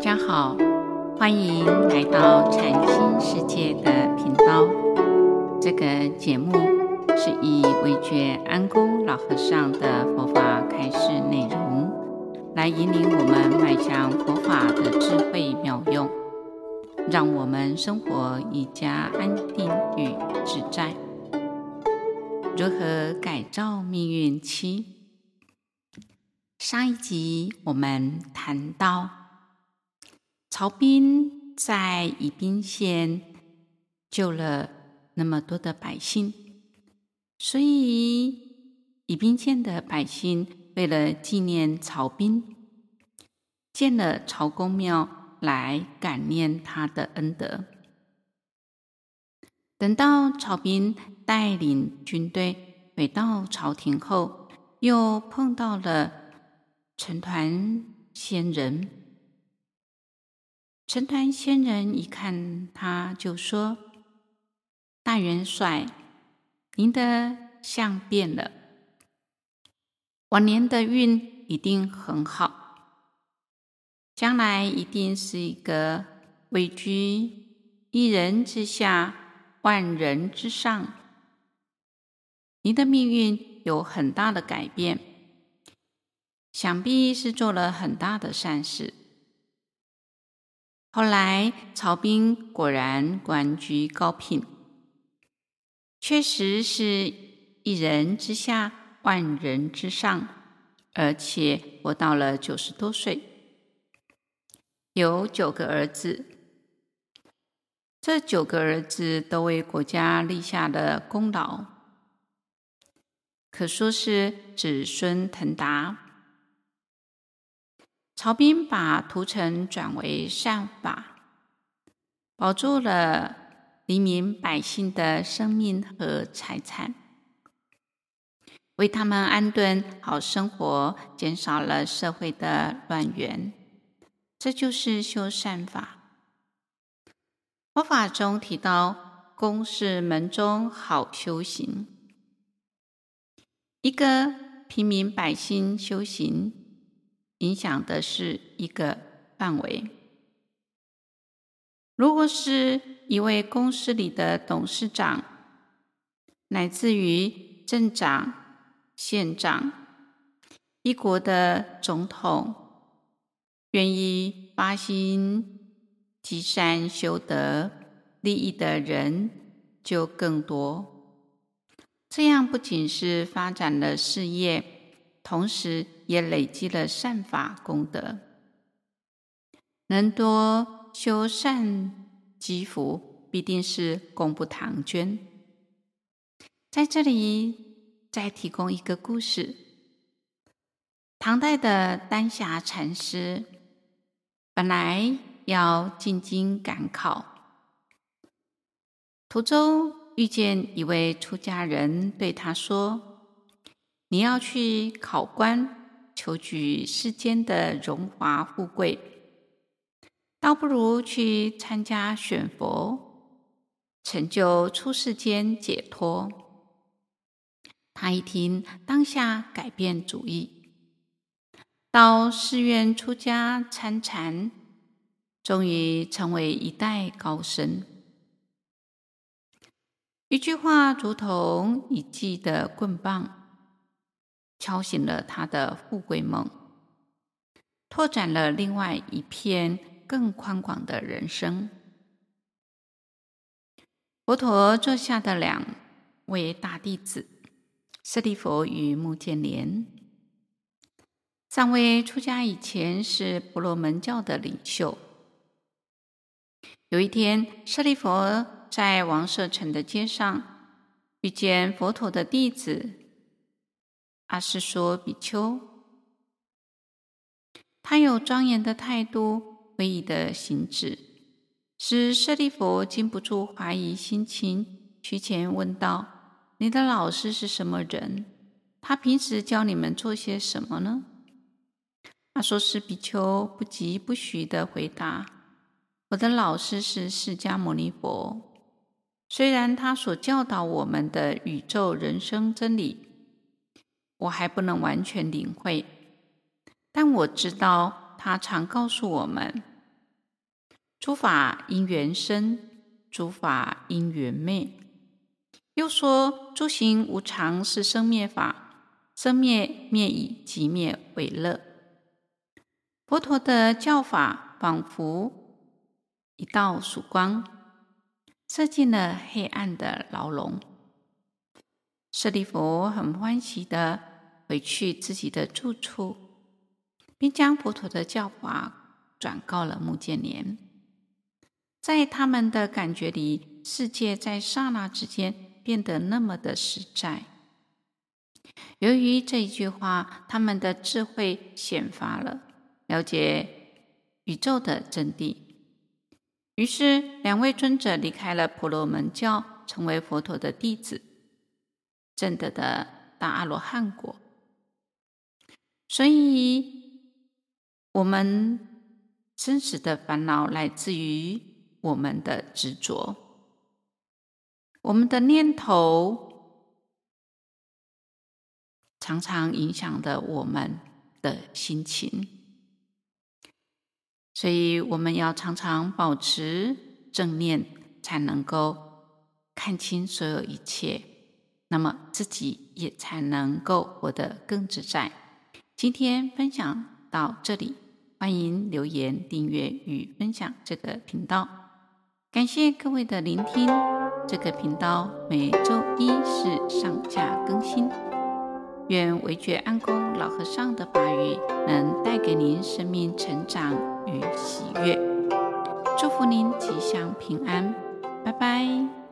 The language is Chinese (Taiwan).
大家好，歡迎來到禪心世界的頻道。這個節目是以唯覺安公老和尚的佛法開示內容，來引領我們邁向佛法的智慧妙用，讓我們生活更加安定與自在。如何改造命運七。上一集我們談到。曹斌在宜濱縣救了那麼多的百姓，所以宜濱縣的百姓為了紀念曹斌，建了曹公廟來感念他的恩德。等到曹斌帶領軍隊回到朝廷後，又碰到了陳摶仙人。陳摶仙人一看，他就說：“大元帥，您的相變了，晚年的運一定很好，將來一定是一個位居一人之下，萬人之上。您的命運有很大的改變，想必是做了很大的善事。”後來，曹彬果然官居高品，確實是一人之下，萬人之上。而且活到了九十多歲，有九個兒子，這九個兒子都為國家立下了功勞，可說是子孫騰達。曹斌把屠城轉為善法，保住了黎民百姓的生命和財產，為他們安頓好生活，減少了社會的亂源。這就是修善法。佛法、法中提到，公事門中好修行。一個平民百姓修行。影響的是一個範圍。如果是一位公司裡的董事長，乃至於鎮長、縣長、一國的總統，願意發心積善修德，利益的人就更多。這樣不僅是發展了事業，同時。也累積了善法功德，能多修善積福，必定是功不唐捐。在這裡再提供一個故事：唐代的丹霞禪師本來要進京趕考，途中遇見一位出家人，對他說：“你要去考官。”求取世間的榮華富貴，倒不如去參加選佛，成就出世間解脫。他一聽，當下改變主意，到寺院出家參禪，終於成為一代高僧。一句話如同一記的棍棒。敲醒了他的富貴夢，拓展了另外一片更寬廣的人生。佛陀座下的兩位大弟子，舍利弗與目犍連，尚未出家以前是婆羅門教的領袖。有一天，舍利弗在王舍城的街上，遇見佛陀的弟子。阿說示：“比丘，他有莊嚴的態度，威儀的行止，使舍利弗禁不住懷疑心情，趨前問道：‘你的老師是什麼人？他平時教你們做些什麼呢？’阿說示：‘比丘，不疾不徐的回答，我的老師是釋迦牟尼佛。雖然他所教導我們的宇宙人生真理。’”我還不能完全領會，但我知道他常告訴我們：“諸法因緣生，諸法因緣滅。”又說：“諸行無常，是生滅法；生滅滅已，寂滅為樂。”佛陀的教法仿佛一道曙光，射進了黑暗的牢籠。舍利弗很歡喜的回去自己的住處，並將佛陀的教法轉告了目犍連。在他們的感覺裡，世界在剎那之間變得那麼的實在。由於這一句話，他們的智慧顯發了，了解宇宙的真諦。於是，兩位尊者離開了婆羅門教，成為佛陀的弟子。證得大阿羅漢果。所以我們真實的煩惱來自於我們的執着，我們的念頭常常影響着我們的心情，所以我們要常常保持正念，才能夠看清所有一切。那麼自己也才能夠活得更自在。今天分享到這裡，歡迎留言、訂閱與分享這個頻道。感謝各位的聆聽。這個頻道每週一是上架更新。願惟覺安公老和尚的法語能帶給您生命成長與喜悅。祝福您吉祥平安，拜拜。